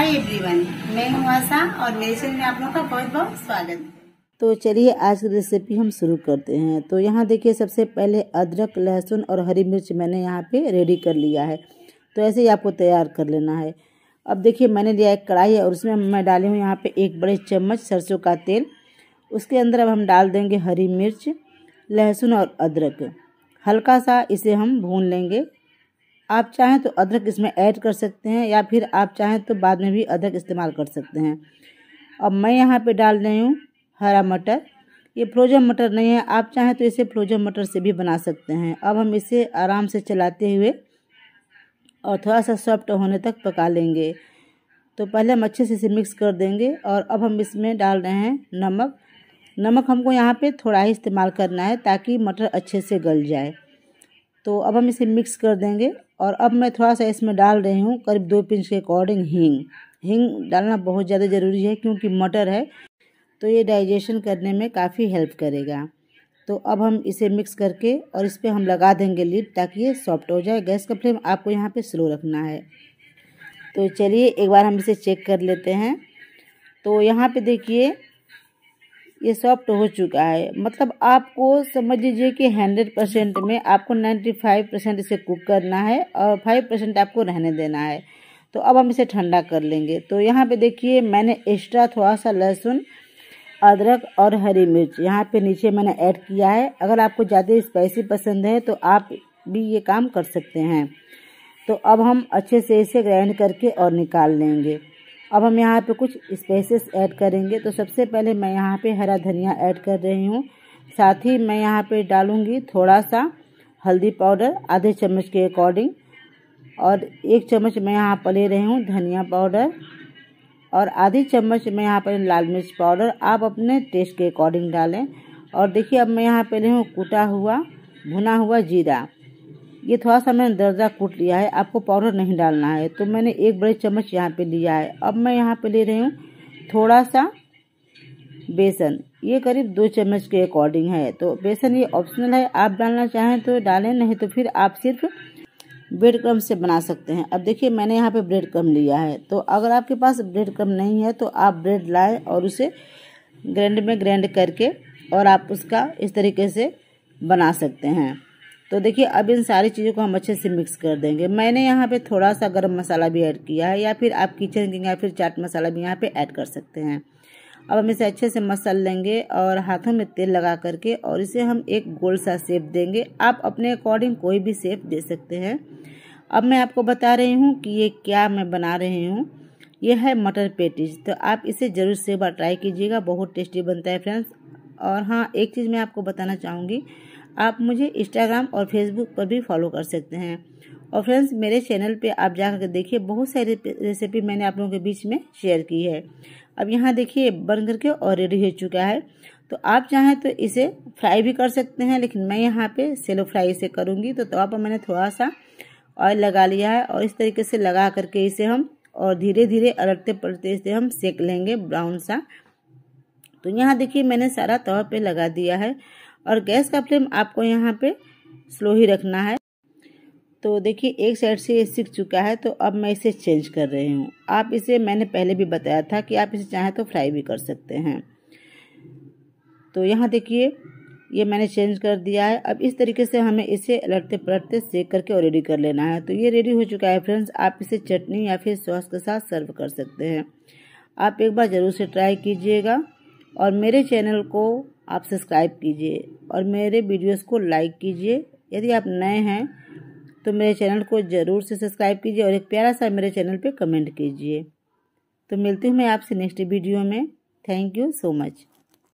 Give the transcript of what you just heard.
हाय everyone मैं हूं आशा और मेरे चैनल में आप लोगों का बहुत बहुत स्वागत तो चलिए आज की रेसिपी हम शुरू करते हैं तो यहाँ देखिए सबसे पहले अदरक लहसुन और हरी मिर्च मैंने यहाँ पे रेडी कर लिया है तो ऐसे ही आपको तैयार कर लेना है अब देखिए मैंने लिया एक कढ़ाई है और उसमें मैं डाली हूँ यहाँ पे एक बड़े चम्मच सरसों का तेल उसके अंदर अब हम डाल देंगे हरी मिर्च लहसुन और अदरक हल्का सा इसे हम भून लेंगे आप चाहें तो अदरक इसमें ऐड कर सकते हैं या फिर आप चाहें तो बाद में भी अदरक इस्तेमाल कर सकते हैं अब मैं यहाँ पे डाल रही हूँ हरा मटर ये फ्रोजन मटर नहीं है आप चाहें तो इसे फ्रोजन मटर से भी बना सकते हैं अब हम इसे आराम से चलाते हुए और थोड़ा सा सॉफ्ट होने तक पका लेंगे तो पहले हम अच्छे से इसे मिक्स कर देंगे और अब हम इसमें डाल रहे हैं नमक नमक हमको यहाँ पे थोड़ा ही इस्तेमाल करना है ताकि मटर अच्छे से गल जाए तो अब हम इसे मिक्स कर देंगे और अब मैं थोड़ा सा इसमें डाल रही हूँ करीब दो पिंच के अकॉर्डिंग हींग हींग डालना बहुत ज़्यादा ज़रूरी है क्योंकि मटर है तो ये डाइजेशन करने में काफ़ी हेल्प करेगा तो अब हम इसे मिक्स करके और इस पर हम लगा देंगे लीड ताकि ये सॉफ्ट हो जाए गैस का फ्लेम आपको यहाँ पे स्लो रखना है तो चलिए एक बार हम इसे चेक कर लेते हैं तो यहाँ पे देखिए ये सॉफ्ट हो चुका है मतलब आपको समझ लीजिए कि हंड्रेड परसेंट में आपको नाइन्टी फाइव परसेंट इसे कुक करना है और फाइव परसेंट आपको रहने देना है तो अब हम इसे ठंडा कर लेंगे तो यहाँ पे देखिए मैंने एक्स्ट्रा थोड़ा सा लहसुन अदरक और हरी मिर्च यहाँ पे नीचे मैंने ऐड किया है अगर आपको ज़्यादा स्पाइसी पसंद है तो आप भी ये काम कर सकते हैं तो अब हम अच्छे से इसे ग्राइंड करके और निकाल लेंगे अब हम यहाँ पे कुछ स्पेसेस ऐड करेंगे तो सबसे पहले मैं यहाँ पे हरा धनिया ऐड कर रही हूँ साथ ही मैं यहाँ पे डालूँगी थोड़ा सा हल्दी पाउडर आधे चम्मच के अकॉर्डिंग और एक चम्मच मैं यहाँ पर ले रही हूँ धनिया पाउडर और आधी चम्मच मैं यहाँ पर लाल मिर्च पाउडर आप अपने टेस्ट के अकॉर्डिंग डालें और देखिए अब मैं यहाँ पे ले हूँ कूटा हुआ भुना हुआ जीरा ये थोड़ा सा मैंने दर्जा कूट लिया है आपको पाउडर नहीं डालना है तो मैंने एक बड़े चम्मच यहाँ पे लिया है अब मैं यहाँ पे ले रही हूँ थोड़ा सा बेसन ये करीब दो चम्मच के अकॉर्डिंग है तो बेसन ये ऑप्शनल है आप डालना चाहें तो डालें नहीं तो फिर आप सिर्फ ब्रेड क्रम से बना सकते हैं अब देखिए मैंने यहाँ पे ब्रेड क्रम लिया है तो अगर आपके पास ब्रेड क्रम नहीं है तो आप ब्रेड लाएं और उसे ग्रैंड में ग्रैंड करके और आप उसका इस तरीके से बना सकते हैं तो देखिए अब इन सारी चीज़ों को हम अच्छे से मिक्स कर देंगे मैंने यहाँ पे थोड़ा सा गर्म मसाला भी ऐड किया है या फिर आप किचन किंग या फिर चाट मसाला भी यहाँ पे ऐड कर सकते हैं अब हम इसे अच्छे से मसल लेंगे और हाथों में तेल लगा करके और इसे हम एक गोल सा सेप देंगे आप अपने अकॉर्डिंग कोई भी सेप दे सकते हैं अब मैं आपको बता रही हूँ कि ये क्या मैं बना रही हूँ यह है मटर पेटीज तो आप इसे ज़रूर से बार ट्राई कीजिएगा बहुत टेस्टी बनता है फ्रेंड्स और हाँ एक चीज़ मैं आपको बताना चाहूँगी आप मुझे इंस्टाग्राम और फेसबुक पर भी फॉलो कर सकते हैं और फ्रेंड्स मेरे चैनल पे आप जा कर देखिए बहुत सारी रेसिपी मैंने आप लोगों के बीच में शेयर की है अब यहाँ देखिए बन करके और रेडी हो चुका है तो आप चाहें तो इसे फ्राई भी कर सकते हैं लेकिन मैं यहाँ पे सेलो फ्राई इसे करूँगी तो तवा तो पर मैंने थोड़ा सा ऑयल लगा लिया है और इस तरीके से लगा करके इसे हम और धीरे धीरे अलटते पलटते इसे हम सेक लेंगे ब्राउन सा तो यहाँ देखिए मैंने सारा तवा पे लगा दिया है और गैस का फ्लेम आपको यहाँ पे स्लो ही रखना है तो देखिए एक साइड से ये सीख चुका है तो अब मैं इसे चेंज कर रही हूँ आप इसे मैंने पहले भी बताया था कि आप इसे चाहें तो फ्राई भी कर सकते हैं तो यहाँ देखिए ये मैंने चेंज कर दिया है अब इस तरीके से हमें इसे अलटते पलटते सेक करके और रेडी कर लेना है तो ये रेडी हो चुका है फ्रेंड्स आप इसे चटनी या फिर सॉस के साथ सर्व कर सकते हैं आप एक बार ज़रूर से ट्राई कीजिएगा और मेरे चैनल को आप सब्सक्राइब कीजिए और मेरे वीडियोस को लाइक कीजिए यदि आप नए हैं तो मेरे चैनल को ज़रूर से सब्सक्राइब कीजिए और एक प्यारा सा मेरे चैनल पे कमेंट कीजिए तो मिलती हूँ मैं आपसे नेक्स्ट वीडियो में थैंक यू सो मच